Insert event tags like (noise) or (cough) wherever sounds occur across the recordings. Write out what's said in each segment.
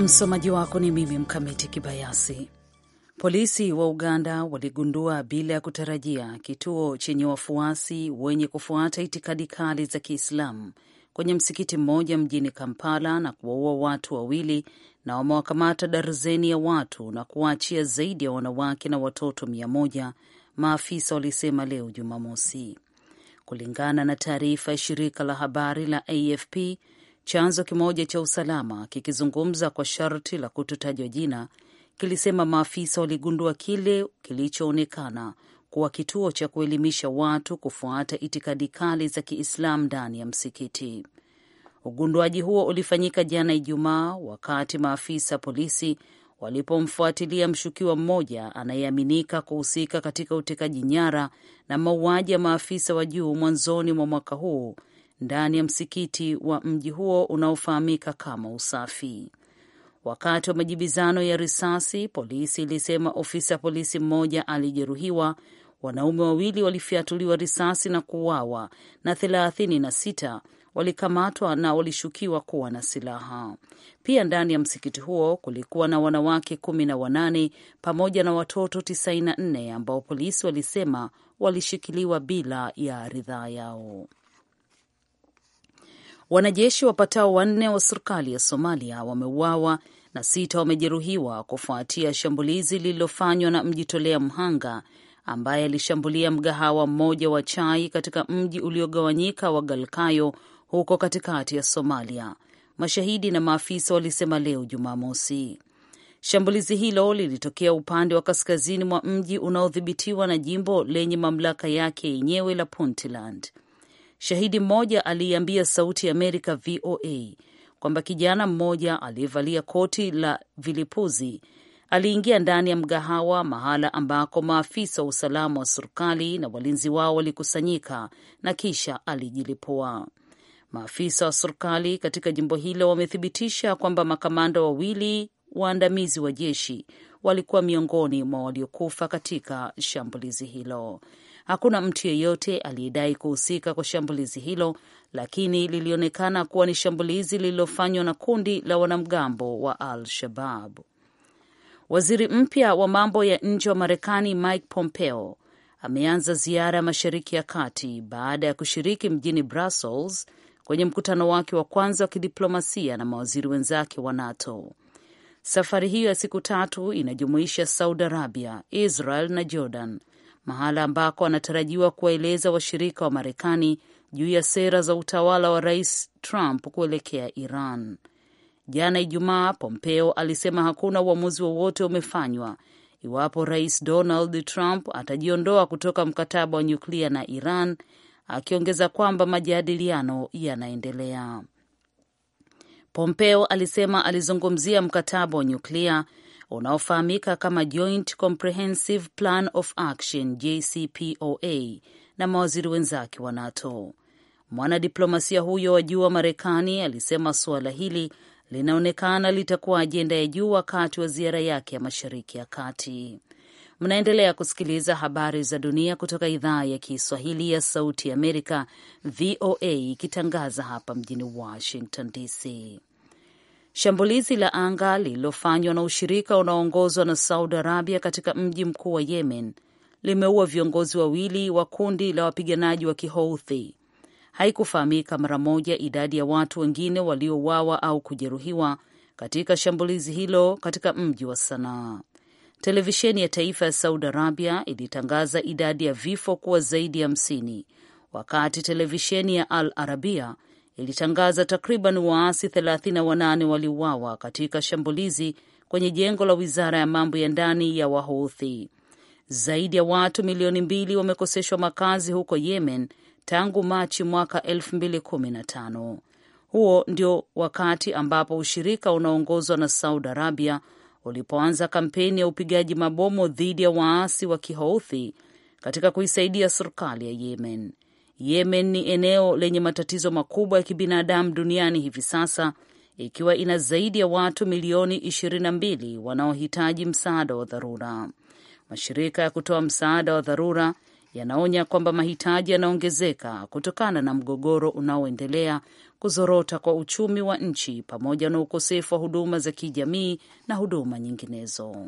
Msomaji wako ni mimi Mkamiti Kibayasi. Polisi wa Uganda waligundua bila ya kutarajia kituo chenye wafuasi wenye kufuata itikadi kali za Kiislamu kwenye msikiti mmoja mjini Kampala na kuwaua watu wawili na wamewakamata darzeni ya watu na kuwaachia zaidi ya wanawake na watoto mia moja, maafisa walisema leo Jumamosi, kulingana na taarifa ya shirika la habari la AFP. Chanzo kimoja cha usalama kikizungumza kwa sharti la kutotajwa jina kilisema maafisa waligundua kile kilichoonekana kuwa kituo cha kuelimisha watu kufuata itikadi kali za Kiislamu ndani ya msikiti. Ugunduaji huo ulifanyika jana Ijumaa wakati maafisa polisi walipomfuatilia mshukiwa mmoja anayeaminika kuhusika katika utekaji nyara na mauaji ya maafisa wa juu mwanzoni mwa mwaka huu ndani ya msikiti wa mji huo unaofahamika kama Usafi. Wakati wa majibizano ya risasi, polisi ilisema ofisa polisi mmoja alijeruhiwa, wanaume wawili walifyatuliwa risasi na kuuawa na thelathini na sita walikamatwa na walishukiwa kuwa na silaha. Pia ndani ya msikiti huo kulikuwa na wanawake kumi na wanane pamoja na watoto tisini na nne ambao polisi walisema walishikiliwa bila ya ridhaa yao. Wanajeshi wapatao wanne wa serikali ya Somalia wameuawa na sita wamejeruhiwa kufuatia shambulizi lililofanywa na mjitolea mhanga ambaye alishambulia mgahawa mmoja wa chai katika mji uliogawanyika wa Galkayo huko katikati ya Somalia, mashahidi na maafisa walisema leo Jumamosi. Shambulizi hilo lilitokea upande wa kaskazini mwa mji unaodhibitiwa na jimbo lenye mamlaka yake yenyewe la Puntland. Shahidi mmoja aliiambia Sauti ya Amerika VOA kwamba kijana mmoja aliyevalia koti la vilipuzi aliingia ndani ya mgahawa mahala ambako maafisa wa usalama wa serikali na walinzi wao walikusanyika na kisha alijilipua. Maafisa wa serikali katika jimbo hilo wamethibitisha kwamba makamanda wawili waandamizi wa jeshi walikuwa miongoni mwa waliokufa katika shambulizi hilo. Hakuna mtu yeyote aliyedai kuhusika kwa shambulizi hilo, lakini lilionekana kuwa ni shambulizi lililofanywa na kundi la wanamgambo wa Al-Shabab. Waziri mpya wa mambo ya nje wa Marekani Mike Pompeo ameanza ziara ya Mashariki ya Kati baada ya kushiriki mjini Brussels kwenye mkutano wake wa kwanza wa kidiplomasia na mawaziri wenzake wa NATO. Safari hiyo ya siku tatu inajumuisha Saudi Arabia, Israel na Jordan mahala ambako anatarajiwa kuwaeleza washirika wa, Marekani juu ya sera za utawala wa Rais Trump kuelekea Iran. Jana Ijumaa, Pompeo alisema hakuna uamuzi wowote umefanywa iwapo Rais Donald Trump atajiondoa kutoka mkataba wa nyuklia na Iran, akiongeza kwamba majadiliano yanaendelea. Pompeo alisema alizungumzia mkataba wa nyuklia unaofahamika kama Joint Comprehensive Plan of Action JCPOA na mawaziri wenzake wa NATO. Mwanadiplomasia huyo wa juu wa Marekani alisema suala hili linaonekana litakuwa ajenda ya juu wakati wa ziara yake ya Mashariki ya Kati. Mnaendelea kusikiliza habari za dunia kutoka idhaa ya Kiswahili ya Sauti ya Amerika, VOA, ikitangaza hapa mjini Washington DC. Shambulizi la anga lililofanywa na ushirika unaoongozwa na Saudi Arabia katika mji mkuu wa Yemen limeua viongozi wawili wa kundi la wapiganaji wa Kihouthi. Haikufahamika mara moja idadi ya watu wengine waliouawa au kujeruhiwa katika shambulizi hilo katika mji wa Sanaa. Televisheni ya taifa ya Saudi Arabia ilitangaza idadi ya vifo kuwa zaidi ya hamsini, wakati televisheni ya Al Arabia ilitangaza takriban waasi 38 waliuawa katika shambulizi kwenye jengo la wizara ya mambo ya ndani ya Wahouthi. Zaidi ya watu milioni mbili wamekoseshwa makazi huko Yemen tangu Machi mwaka 2015. Huo ndio wakati ambapo ushirika unaoongozwa na Saudi Arabia ulipoanza kampeni ya upigaji mabomu dhidi ya waasi wa Kihouthi katika kuisaidia serikali ya Yemen. Yemen ni eneo lenye matatizo makubwa ya kibinadamu duniani hivi sasa ikiwa ina zaidi ya watu milioni 22 wanaohitaji msaada wa dharura. Mashirika ya kutoa msaada wa dharura yanaonya kwamba mahitaji yanaongezeka kutokana na mgogoro unaoendelea, kuzorota kwa uchumi wa nchi, pamoja na ukosefu wa huduma za kijamii na huduma nyinginezo.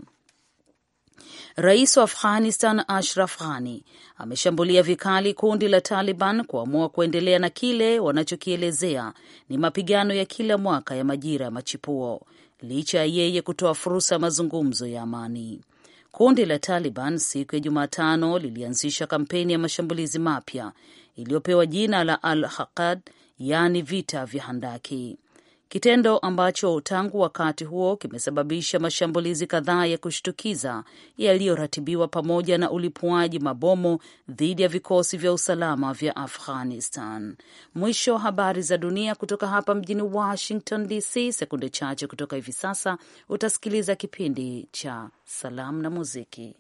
Rais wa Afghanistan Ashraf Ghani ameshambulia vikali kundi la Taliban kuamua kuendelea na kile wanachokielezea ni mapigano ya kila mwaka ya majira ya machipuo licha ya yeye kutoa fursa ya mazungumzo ya amani. Kundi la Taliban siku ya Jumatano lilianzisha kampeni ya mashambulizi mapya iliyopewa jina la Al Haqad, yaani vita vya handaki kitendo ambacho tangu wakati huo kimesababisha mashambulizi kadhaa ya kushtukiza yaliyoratibiwa pamoja na ulipuaji mabomu dhidi ya vikosi vya usalama vya Afghanistan. Mwisho habari za dunia kutoka hapa mjini Washington DC. Sekunde chache kutoka hivi sasa utasikiliza kipindi cha salamu na muziki.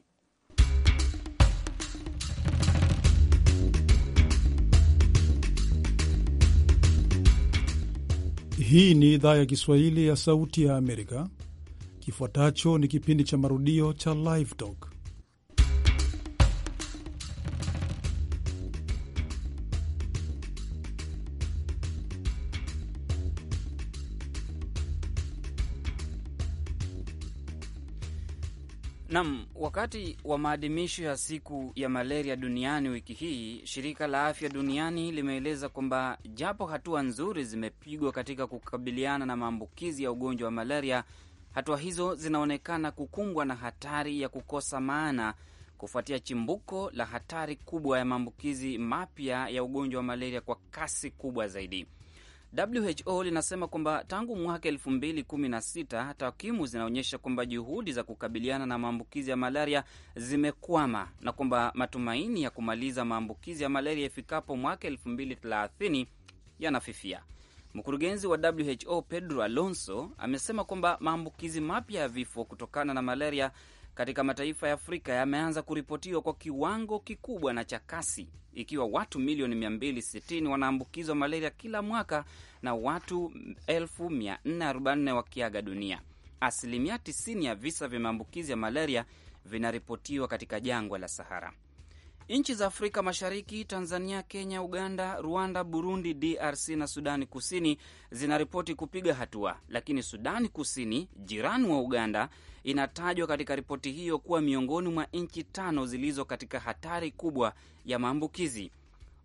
Hii ni idhaa ya Kiswahili ya Sauti ya Amerika. Kifuatacho ni kipindi cha marudio cha Live Talk. Nam, wakati wa maadhimisho ya siku ya malaria duniani wiki hii, shirika la afya duniani limeeleza kwamba japo hatua nzuri zimepigwa katika kukabiliana na maambukizi ya ugonjwa wa malaria, hatua hizo zinaonekana kukumbwa na hatari ya kukosa maana kufuatia chimbuko la hatari kubwa ya maambukizi mapya ya ugonjwa wa malaria kwa kasi kubwa zaidi. WHO linasema kwamba tangu mwaka 2016 takwimu zinaonyesha kwamba juhudi za kukabiliana na maambukizi ya malaria zimekwama na kwamba matumaini ya kumaliza maambukizi ya malaria ifikapo mwaka 2030 yanafifia. Mkurugenzi wa WHO Pedro Alonso amesema kwamba maambukizi mapya ya vifo kutokana na malaria katika mataifa ya Afrika yameanza kuripotiwa kwa kiwango kikubwa na cha kasi, ikiwa watu milioni 260 wanaambukizwa malaria kila mwaka na watu 444 wakiaga dunia. Asilimia 90 ya visa vya maambukizi ya malaria vinaripotiwa katika jangwa la Sahara. Nchi za Afrika Mashariki, Tanzania, Kenya, Uganda, Rwanda, Burundi, DRC na Sudani Kusini zinaripoti kupiga hatua, lakini Sudani Kusini, jirani wa Uganda, inatajwa katika ripoti hiyo kuwa miongoni mwa nchi tano zilizo katika hatari kubwa ya maambukizi.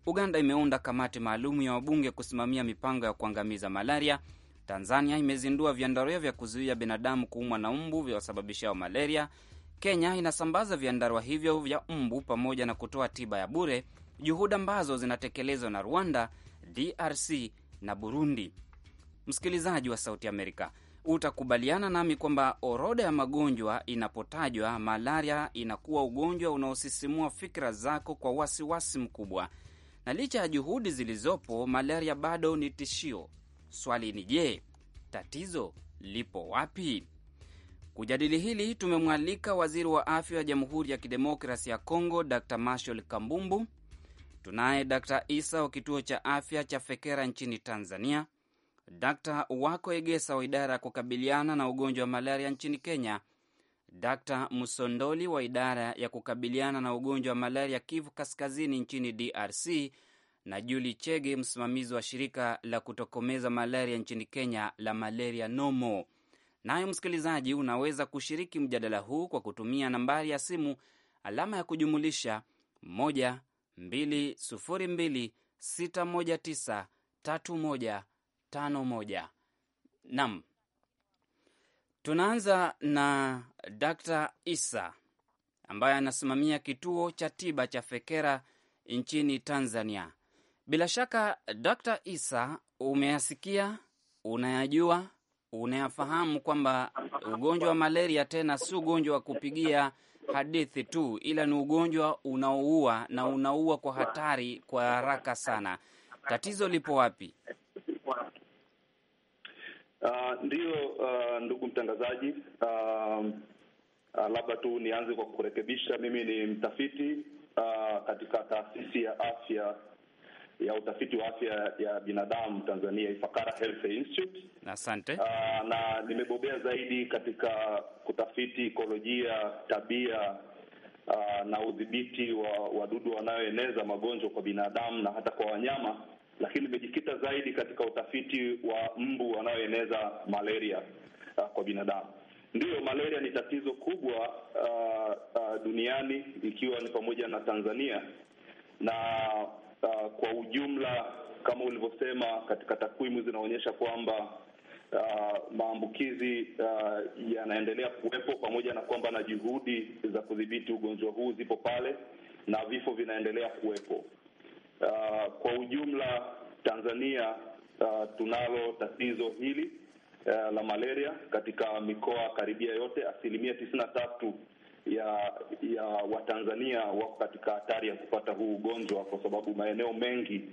Uganda imeunda kamati maalum ya wabunge kusimamia mipango ya kuangamiza malaria. Tanzania imezindua vyandarua vya kuzuia binadamu kuumwa na mbu vya wasababishao malaria. Kenya inasambaza vyandarua hivyo vya mbu pamoja na kutoa tiba ya bure, juhudi ambazo zinatekelezwa na Rwanda, DRC na Burundi. Msikilizaji wa Sauti Amerika, utakubaliana nami kwamba orodha ya magonjwa inapotajwa, malaria inakuwa ugonjwa unaosisimua fikra zako kwa wasiwasi wasi mkubwa, na licha ya juhudi zilizopo, malaria bado ni tishio. Swali ni je, tatizo lipo wapi? Kujadili hili tumemwalika waziri wa afya wa Jamhuri ya Kidemokrasi ya Kongo, Dr Marshal Kambumbu. Tunaye Dr Isa wa kituo cha afya cha Fekera nchini Tanzania, Dr Wako Egesa wa idara ya kukabiliana na ugonjwa wa malaria nchini Kenya, Dr Musondoli wa idara ya kukabiliana na ugonjwa wa malaria Kivu Kaskazini nchini DRC na Juli Chege, msimamizi wa shirika la kutokomeza malaria nchini Kenya la Malaria Nomo. Nayo msikilizaji, unaweza kushiriki mjadala huu kwa kutumia nambari ya simu alama ya kujumulisha 12026193151. Nam, tunaanza na Dr. Isa ambaye anasimamia kituo cha tiba cha Fekera nchini Tanzania. Bila shaka Dr. Isa, umeyasikia unayajua unayafahamu kwamba ugonjwa wa malaria tena si ugonjwa wa kupigia hadithi tu, ila ni ugonjwa unaoua na unaua kwa hatari kwa haraka sana. Tatizo lipo wapi? Uh, ah, ndiyo uh, ah, ndugu mtangazaji uh, uh, labda tu nianze kwa kurekebisha. Mimi ni mtafiti uh, katika taasisi ya afya ya utafiti wa afya ya binadamu Tanzania, Ifakara Health Institute. Asante. Uh, na nimebobea zaidi katika kutafiti ikolojia, tabia uh, na udhibiti wa wadudu wanaoeneza magonjwa kwa binadamu na hata kwa wanyama, lakini nimejikita zaidi katika utafiti wa mbu wanaoeneza malaria uh, kwa binadamu. Ndiyo, malaria ni tatizo kubwa uh, uh, duniani ikiwa ni pamoja na Tanzania na uh, kwa ujumla kama ulivyosema katika takwimu zinaonyesha kwamba uh, maambukizi uh, yanaendelea kuwepo pamoja na kwamba na juhudi za kudhibiti ugonjwa huu zipo pale na vifo vinaendelea kuwepo. Uh, kwa ujumla Tanzania uh, tunalo tatizo hili uh, la malaria katika mikoa karibia yote. Asilimia tisini na tatu ya ya Watanzania wako katika hatari ya kupata huu ugonjwa, kwa sababu maeneo mengi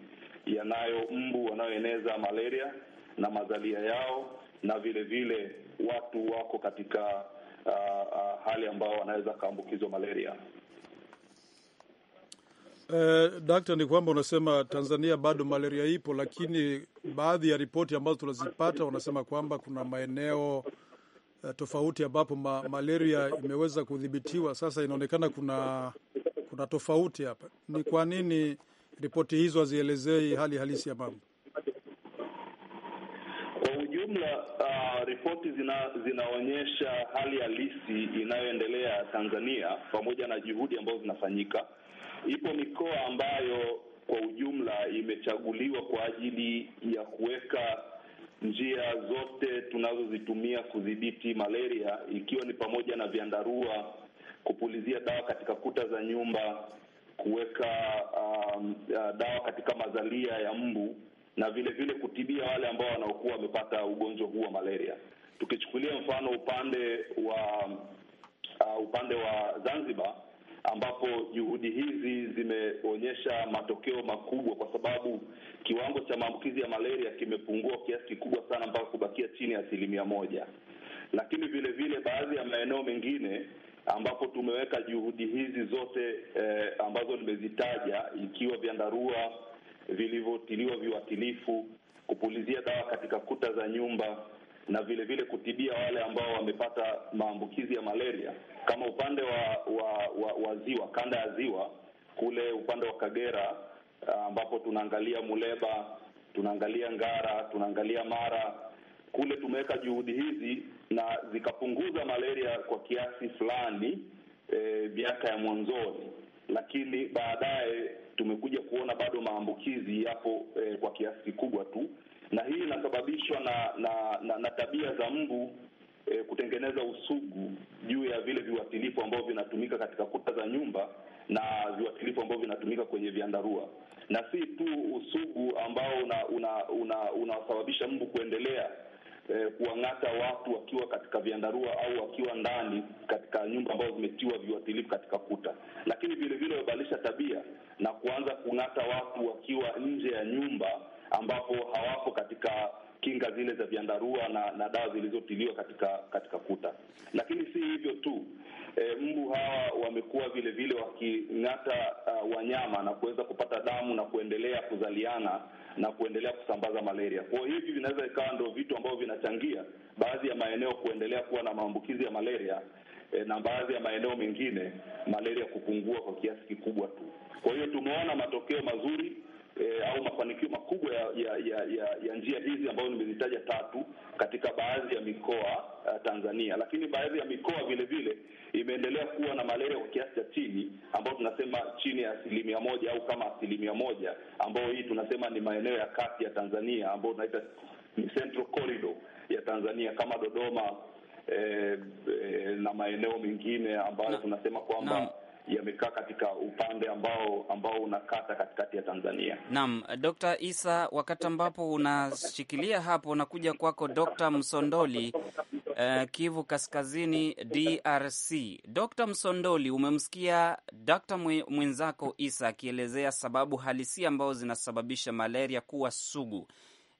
yanayo mbu wanayoeneza malaria na mazalia yao, na vile vile watu wako katika uh, uh, hali ambao wanaweza kaambukizwa malaria. Eh, daktari, ni kwamba unasema Tanzania bado malaria ipo, lakini baadhi ya ripoti ambazo tunazipata wanasema kwamba kuna maeneo Eh, tofauti ambapo ma, malaria imeweza kudhibitiwa. Sasa inaonekana kuna kuna tofauti hapa. Ni kwa nini ripoti hizo hazielezei hali halisi ya mambo? ujumla? uh, ripoti zina, zinaonyesha hali halisi inayoendelea Tanzania pamoja na juhudi ambazo zinafanyika. Ipo mikoa ambayo kwa ujumla imechaguliwa kwa ajili ya kuweka njia zote tunazozitumia kudhibiti malaria, ikiwa ni pamoja na vyandarua, kupulizia dawa katika kuta za nyumba, kuweka um, uh, dawa katika mazalia ya mbu na vile vile kutibia wale ambao wanaokuwa wamepata ugonjwa huu wa malaria. Tukichukulia mfano upande wa uh, upande wa Zanzibar ambapo juhudi hizi zimeonyesha matokeo makubwa, kwa sababu kiwango cha maambukizi ya malaria kimepungua kiasi kikubwa sana mpaka kubakia chini ya asilimia moja. Lakini vile vile baadhi ya maeneo mengine ambapo tumeweka juhudi hizi zote eh, ambazo nimezitaja, ikiwa vyandarua vilivyotiliwa viuatilifu, kupulizia dawa katika kuta za nyumba na vile vile kutibia wale ambao wamepata maambukizi ya malaria, kama upande wa wa, wa, wa ziwa, kanda ya ziwa kule upande wa Kagera uh, ambapo tunaangalia Muleba, tunaangalia Ngara, tunaangalia Mara kule tumeweka juhudi hizi na zikapunguza malaria kwa kiasi fulani eh, miaka e, ya mwanzoni, lakini baadaye tumekuja kuona bado maambukizi yapo e, kwa kiasi kikubwa tu, na hii inasababishwa na na, na na tabia za mbu e, kutengeneza usugu juu ya vile viwatilifu ambavyo vinatumika katika kuta za nyumba na viwatilifu ambavyo vinatumika kwenye viandarua, na si tu usugu ambao unasababisha una, una, una mbu kuendelea e, kuwang'ata watu wakiwa katika viandarua au wakiwa ndani katika nyumba ambazo zimetiwa viwatilifu katika kuta, lakini vile vile tabia na kuanza kung'ata watu wakiwa nje ya nyumba ambapo hawapo katika kinga zile za vyandarua na, na dawa zilizotiliwa katika katika kuta. Lakini si hivyo tu, e, mbu hawa wamekuwa vile vile waking'ata uh, wanyama na kuweza kupata damu na kuendelea kuzaliana na kuendelea kusambaza malaria. Kwa hiyo hivi vinaweza ikawa ndio vitu ambavyo vinachangia baadhi ya maeneo kuendelea kuwa na maambukizi ya malaria e, na baadhi ya maeneo mengine malaria kupungua kwa kiasi kikubwa tu. Kwa hiyo tumeona matokeo mazuri e, au mafanikio makubwa ya ya, ya ya ya njia hizi ambazo nimezitaja tatu katika baadhi ya mikoa uh, Tanzania, lakini baadhi ya mikoa vile vile imeendelea kuwa na malaria kwa kiasi cha chini, ambayo tunasema chini ya asilimia moja au kama asilimia moja, ambayo hii tunasema ni maeneo ya kati ya Tanzania ambayo tunaita ni Central Corridor ya Tanzania kama Dodoma eh, eh, na maeneo mengine ambayo tunasema kwamba yamekaa katika upande ambao ambao unakata katikati ya Tanzania. Naam, Dr. Isa, wakati ambapo unashikilia hapo, unakuja kwako Dr. Msondoli, uh, Kivu Kaskazini, DRC. Dr. Msondoli, umemsikia Dr. mwenzako Isa akielezea sababu halisi ambazo zinasababisha malaria kuwa sugu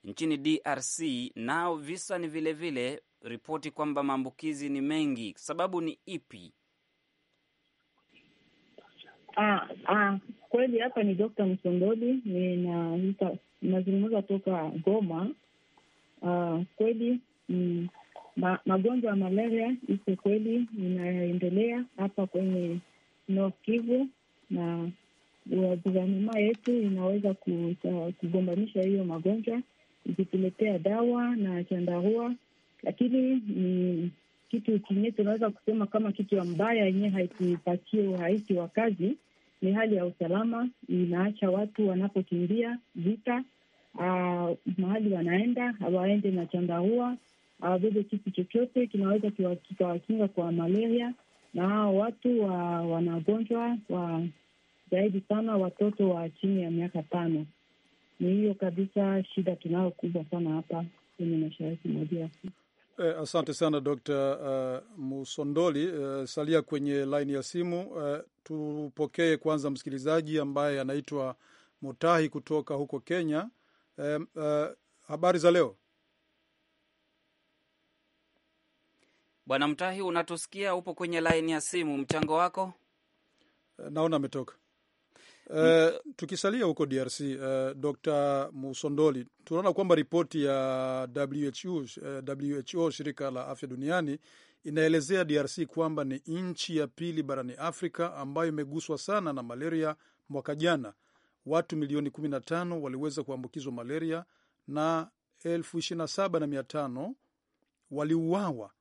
nchini DRC, nao visa ni vilevile, ripoti kwamba maambukizi ni mengi. Sababu ni ipi? Ah, ah, kweli hapa ni Dr. Msondoli, ninazungumza toka Goma. Ah, kweli mm, ma, magonjwa ya malaria iko kweli inaendelea hapa kwenye North Kivu na guvernema yetu inaweza kugombanisha hiyo magonjwa ikituletea dawa na chandarua, lakini mm, kitu kingine tunaweza kusema kama kitu mbaya yenyewe haikupatie urahisi wa kazi ni hali ya usalama. Inaacha watu wanapokimbia vita, uh, mahali wanaenda hawaende na chandarua, hawabebe uh, kitu chochote kinaweza kikawakinga kwa malaria, na hao watu wa, wanagonjwa wa zaidi sana watoto wa chini ya miaka tano. Ni hiyo kabisa shida tunayo kubwa sana hapa kwenye mashariki mwa DRC. Eh, asante sana Dr. uh, eh, Musondoli. Uh, salia kwenye laini ya simu. Uh, tupokee kwanza msikilizaji ambaye anaitwa Mutahi kutoka huko Kenya. Uh, uh, habari za leo Bwana Mtahi, unatusikia? Upo kwenye laini ya simu, mchango wako naona ametoka. Uh, tukisalia huko DRC uh, eh, Dr. Musondoli, tunaona kwamba ripoti ya WHO, uh, eh, WHO shirika la afya duniani inaelezea DRC kwamba ni nchi ya pili barani Afrika ambayo imeguswa sana na malaria. Mwaka jana watu milioni 15 waliweza kuambukizwa malaria na elfu ishirini na saba na mia tano waliuawa.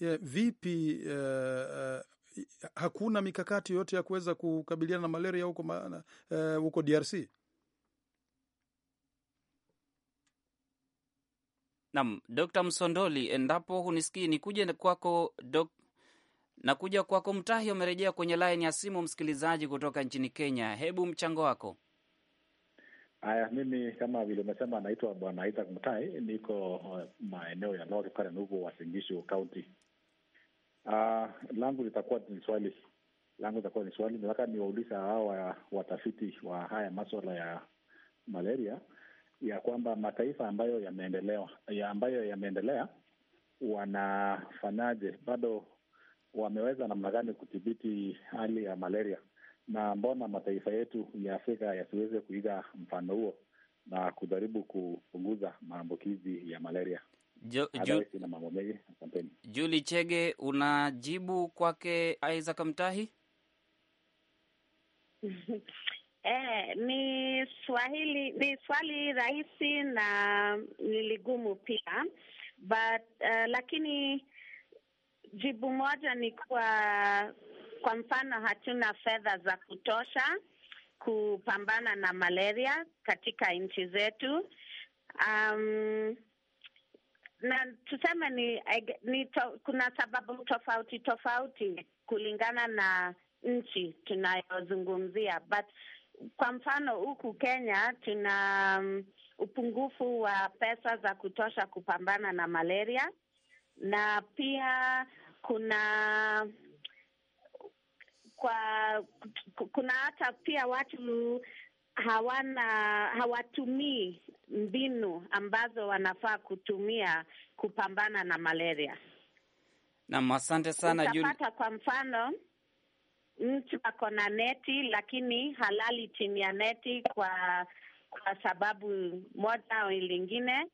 Yeah, vipi uh, hakuna mikakati yoyote ya kuweza kukabiliana na malaria huko eh, huko uh, DRC? Nam Dr. Msondoli, endapo hunisikii nikuje kwako dok... na kuja kwako Mtahi, amerejea kwenye laini ya simu, msikilizaji kutoka nchini Kenya. Hebu mchango wako. Haya, mimi kama vile umesema, naitwa Bwana Isaac Mtai, niko eh, maeneo ya North Karen huko Wasingishu Uh, langu litakuwa ni swali langu litakuwa ni swali, nataka niwauliza hawa watafiti wa haya maswala ya malaria ya kwamba mataifa ambayo yameendelewa ya ambayo yameendelea wanafanyaje, bado wameweza namna gani kudhibiti hali ya malaria, na mbona mataifa yetu ya Afrika yasiweze kuiga mfano huo na kujaribu kupunguza maambukizi ya malaria? Jo, ju, Juli Chege, unajibu kwake Isaac Mtahi? (laughs) Eh, ni swahili ni swali rahisi na niligumu pia but uh, lakini jibu moja ni kwa kwa mfano hatuna fedha za kutosha kupambana na malaria katika nchi zetu. Um, na tuseme ni, ni to, kuna sababu tofauti tofauti kulingana na nchi tunayozungumzia, but kwa mfano huku Kenya tuna um, upungufu wa pesa za kutosha kupambana na malaria, na pia kuna kwa kuna hata pia watu hawana hawatumii mbinu ambazo wanafaa kutumia kupambana na malaria. Naam, asante sana. Utapata kwa mfano mtu ako na neti lakini halali chini ya neti kwa kwa sababu moja au lingine.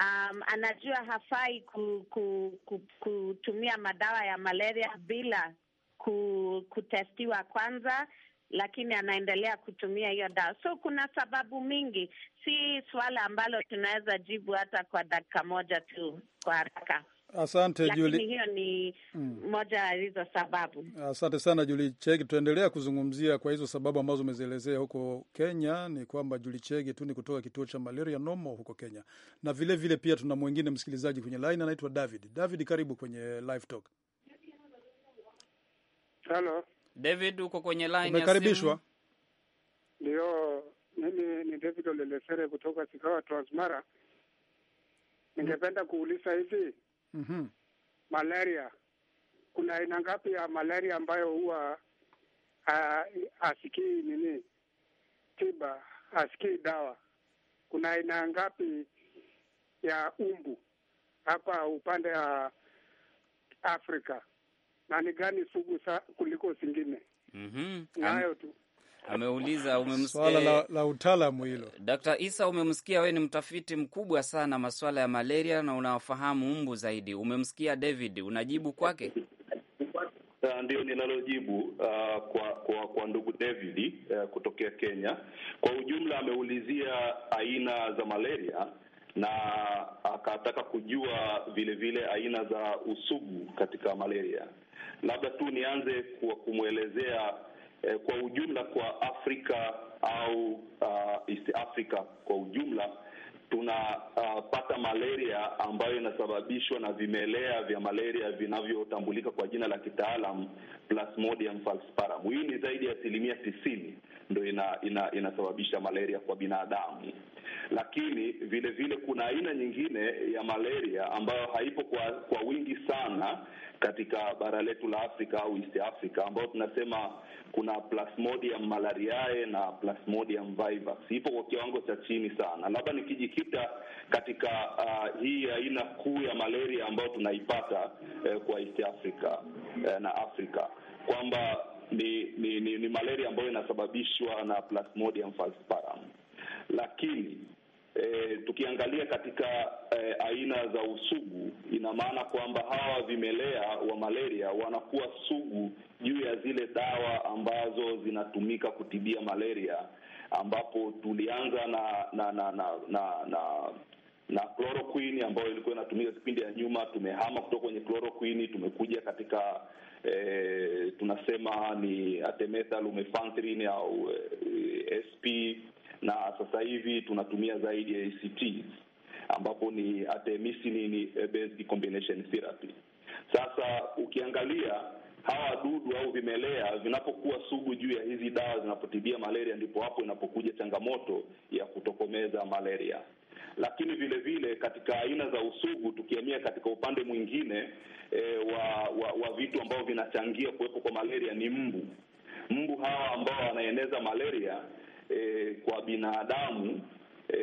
Um, anajua hafai ku, ku, ku, kutumia madawa ya malaria bila ku, kutestiwa kwanza lakini anaendelea kutumia hiyo dawa. So kuna sababu mingi, si swala ambalo tunaweza jibu hata kwa dakika moja tu kwa haraka. Asante Juli. hiyo ni mm, moja ya hizo sababu. Asante sana Juli Chege, tutaendelea kuzungumzia kwa hizo sababu ambazo umezielezea huko Kenya. Ni kwamba Juli Chege tu ni kutoka kituo cha Malaria Nomo huko Kenya, na vilevile vile pia tuna mwingine msikilizaji kwenye line anaitwa David. David, karibu kwenye Live Talk. David, uko kwenye line ya simu. Umekaribishwa. Ndio, mimi ni David Olelesere kutoka Sikawa Transmara. Ningependa kuuliza hivi. mm -hmm. Malaria, kuna aina ngapi ya malaria ambayo huwa asikii nini tiba, asikii dawa? Kuna aina ngapi ya umbu hapa upande wa Afrika? na ni gani sugu sa kuliko zingine. mm -hmm. Nayo tu ameuliza. Umemsikia swala la, la utaalamu hilo. Dkt. Isa, umemsikia wewe, ni mtafiti mkubwa sana masuala ya malaria na unawafahamu mbu zaidi. Umemsikia David, unajibu kwake? Ah, ndio ninalojibu uh, kwa kwa kwa ndugu David uh, kutokea Kenya. Kwa ujumla ameulizia aina za malaria na akataka kujua vile vile aina za usugu katika malaria. Labda tu nianze kwa kumwelezea eh, kwa ujumla kwa Afrika au uh, East Africa kwa ujumla tunapata uh, malaria ambayo inasababishwa na vimelea vya malaria vinavyotambulika kwa jina la kitaalam Plasmodium falciparum. Hii ni zaidi ya asilimia tisini ndo ina, ina, inasababisha malaria kwa binadamu, lakini vile vile kuna aina nyingine ya malaria ambayo haipo kwa, kwa wingi sana katika bara letu la Afrika au East Africa, ambayo tunasema kuna Plasmodium malariae na Plasmodium vivax, ipo kwa kiwango cha chini sana. Labda nikijikita katika uh, hii aina kuu ya malaria ambayo tunaipata eh, kwa East Africa eh, na Afrika kwamba ni, ni, ni, ni malaria ambayo inasababishwa na Plasmodium falciparum, lakini E, tukiangalia katika e, aina za usugu, ina maana kwamba hawa vimelea wa malaria wanakuwa sugu juu ya zile dawa ambazo zinatumika kutibia malaria, ambapo tulianza na na na na na, na, na chloroquine ambayo ilikuwa inatumika kipindi ya nyuma. Tumehama kutoka kwenye chloroquine, tumekuja katika e, tunasema ni artemether lumefantrine au e, SP na sasa hivi tunatumia zaidi ACT ambapo ni artemisinin based combination therapy. Sasa ukiangalia hawa wadudu au vimelea vinapokuwa sugu juu ya hizi dawa zinapotibia malaria, ndipo hapo inapokuja changamoto ya kutokomeza malaria. Lakini vile vile katika aina za usugu, tukiamia katika upande mwingine e, wa, wa wa vitu ambavyo vinachangia kuwepo kwa malaria ni mbu. Mbu hawa ambao wanaeneza malaria e, kwa binadamu e,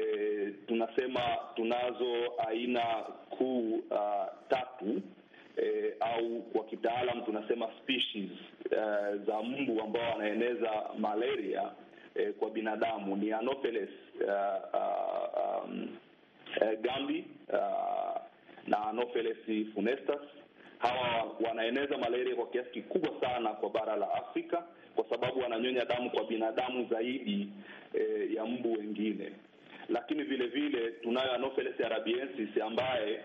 tunasema tunazo aina kuu uh, tatu e, au kwa kitaalam tunasema species uh, za mbu ambao wanaeneza malaria e, kwa binadamu ni Anopheles uh, uh, um, gambi uh, na Anopheles funestas Hawa wanaeneza malaria kwa kiasi kikubwa sana kwa bara la Afrika kwa sababu wananyonya damu kwa binadamu zaidi e, ya mbu wengine. Lakini vile vile tunayo Anopheles arabiensis ambaye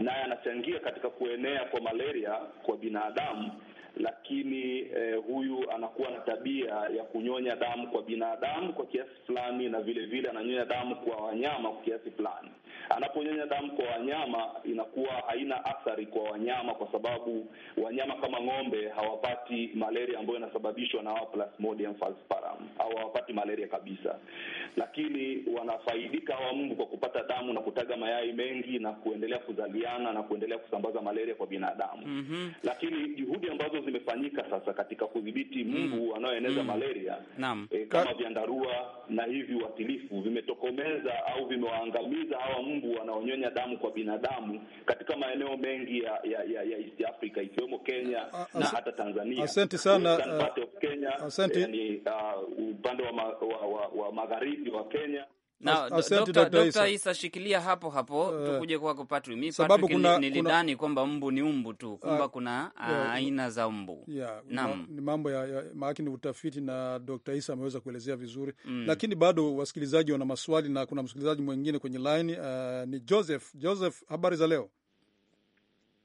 naye anachangia katika kuenea kwa malaria kwa binadamu, lakini e, huyu anakuwa na tabia ya kunyonya damu kwa binadamu kwa kiasi fulani, na vile vile ananyonya damu kwa wanyama kwa kiasi fulani. Anaponyonya damu kwa wanyama inakuwa haina athari kwa wanyama, kwa sababu wanyama kama ng'ombe hawapati malaria ambayo inasababishwa na hawa Plasmodium falciparum, au hawapati malaria kabisa, lakini wanafaidika hawa mbu kwa kupata damu na kutaga mayai mengi na kuendelea kuzaliana na kuendelea kusambaza malaria kwa binadamu. mm -hmm. Lakini juhudi ambazo zimefanyika sasa katika kudhibiti mbu mm. wanaoeneza mm -hmm. malaria Naam. E, kama vyandarua na hivi uatilifu vimetokomeza au vimewaangamiza hawa mbu mbu wanaonyonya damu kwa binadamu katika maeneo mengi ya, ya, ya, ya East Africa ikiwemo Kenya a, na hata Tanzania. Asante sana uh, Kenya, asante. Yani, eh, uh, upande wa, ma, wa, wa, wa magharibi wa Kenya. Dr. Isa, shikilia hapo hapo, uh, tukuje kwako Patrick. Sababu kuna nilidhani kuna... kwamba mbu ni mbu tu, uh, kumba kuna uh, aina za mbu yeah, ni mambo ya, ya ni utafiti na Dr. Isa ameweza kuelezea vizuri mm. Lakini bado wasikilizaji wana maswali na kuna msikilizaji mwingine kwenye line uh, ni Joseph. Joseph, habari za leo?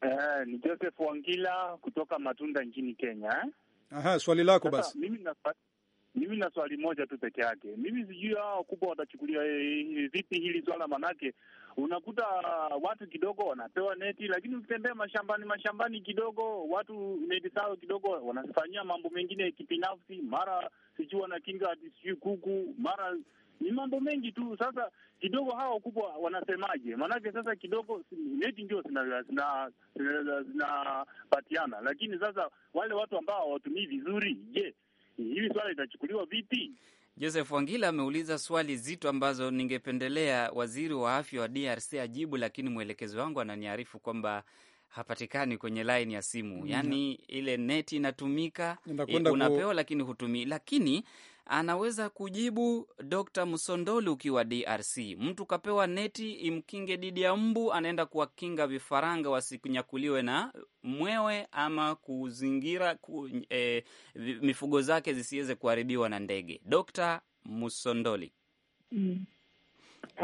Uh, ni Joseph Wangila kutoka Matunda nchini Kenya. Aha, swali lako basi. Mimi mimi na swali moja tu peke yake, mimi sijui hao wakubwa watachukulia e, vipi hili swala, manake unakuta uh, watu kidogo wanapewa neti, lakini ukitembea mashambani mashambani kidogo watu neti sawa kidogo wanafanyia mambo mengine kibinafsi, mara sijui wanakinga ati sijui kuku, mara ni mambo mengi tu. Sasa kidogo hawa wakubwa wanasemaje? Maanake sasa kidogo neti ndio zinapatiana, lakini sasa wale watu ambao hawatumii vizuri, je, hili swala litachukuliwa vipi? Joseph Wangila ameuliza swali zito ambazo ningependelea waziri wa afya wa DRC ajibu, lakini mwelekezo wangu ananiarifu kwamba hapatikani kwenye laini ya simu, yaani ile neti inatumika e, unapewa, lakini hutumii. Lakini anaweza kujibu Dr. Msondoli ukiwa DRC. Mtu kapewa neti imkinge dhidi ya mbu, anaenda kuwakinga vifaranga wasikunyakuliwe na mwewe ama kuzingira ku, e, mifugo zake zisiweze kuharibiwa na ndege. Dr. Msondoli mm.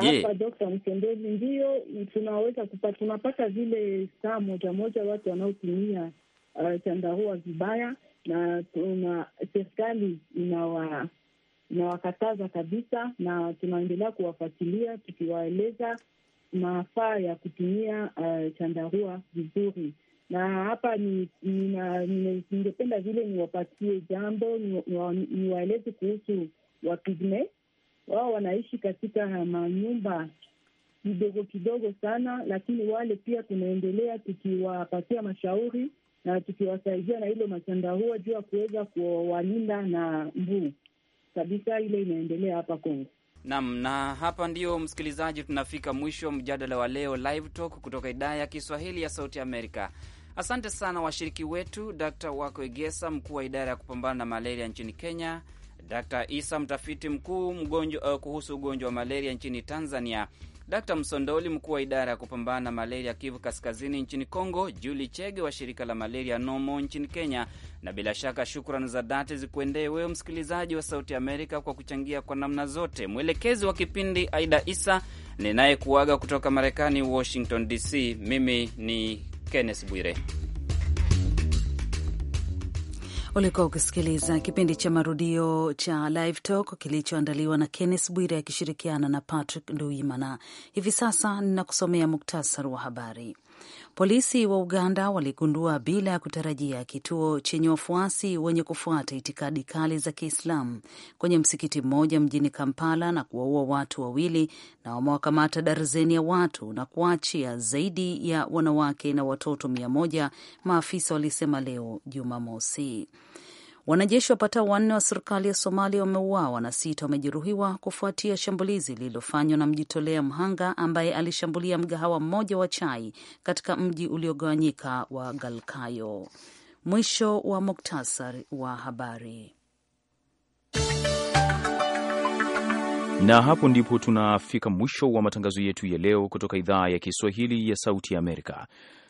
Yeah. Hapa Dokta Msendezi, ndiyo tunaweza kupata, tunapata vile saa moja moja watu wanaotumia uh, chandarua vibaya na tuna serikali inawa inawakataza kabisa, na tunaendelea kuwafuatilia tukiwaeleza maafaa ya kutumia uh, chandarua vizuri. Na hapa ningependa vile niwapatie jambo, niwaeleze kuhusu wapigme. Wao wanaishi katika manyumba kidogo kidogo sana, lakini wale pia tunaendelea tukiwapatia mashauri na tukiwasaidia na hilo machandarua juu ya kuweza kuwalinda na mbuu kabisa, ile inaendelea hapa Kongo. Naam, na hapa ndio msikilizaji, tunafika mwisho mjadala wa leo Live Talk kutoka idhaa ya Kiswahili ya Sauti Amerika. Asante sana washiriki wetu, Dr. Wako Egesa, mkuu wa idara ya kupambana na malaria nchini Kenya, Dr. Isa, mtafiti mkuu mgonjwa, uh, eh, kuhusu ugonjwa wa malaria nchini Tanzania Dkt Msondoli, mkuu wa idara ya kupambana na malaria Kivu Kaskazini nchini congo Juli Chege wa shirika la malaria Nomo nchini Kenya, na bila shaka shukrani za dhati zikuendee wewe msikilizaji wa Sauti Amerika kwa kuchangia kwa namna zote. Mwelekezi wa kipindi Aida Isa, ninayekuaga kutoka Marekani, Washington DC. Mimi ni Kenneth Bwire. Ulikuwa ukisikiliza kipindi cha marudio cha Live Talk kilichoandaliwa na Kennes Bwire akishirikiana na Patrick Nduimana. Hivi sasa ninakusomea muktasari wa habari. Polisi wa Uganda waligundua bila ya kutarajia kituo chenye wafuasi wenye kufuata itikadi kali za Kiislamu kwenye msikiti mmoja mjini Kampala na kuwaua watu wawili na wamewakamata darzeni ya watu na kuachia zaidi ya wanawake na watoto mia moja, maafisa walisema leo Jumamosi. Wanajeshi wapatao wanne wa serikali ya Somalia wameuawa na sita wamejeruhiwa kufuatia shambulizi lililofanywa na mjitolea mhanga ambaye alishambulia mgahawa mmoja wa chai katika mji uliogawanyika wa Galkayo. Mwisho wa muktasar wa habari. Na hapo ndipo tunafika mwisho wa matangazo yetu ya leo kutoka idhaa ya Kiswahili ya Sauti ya Amerika.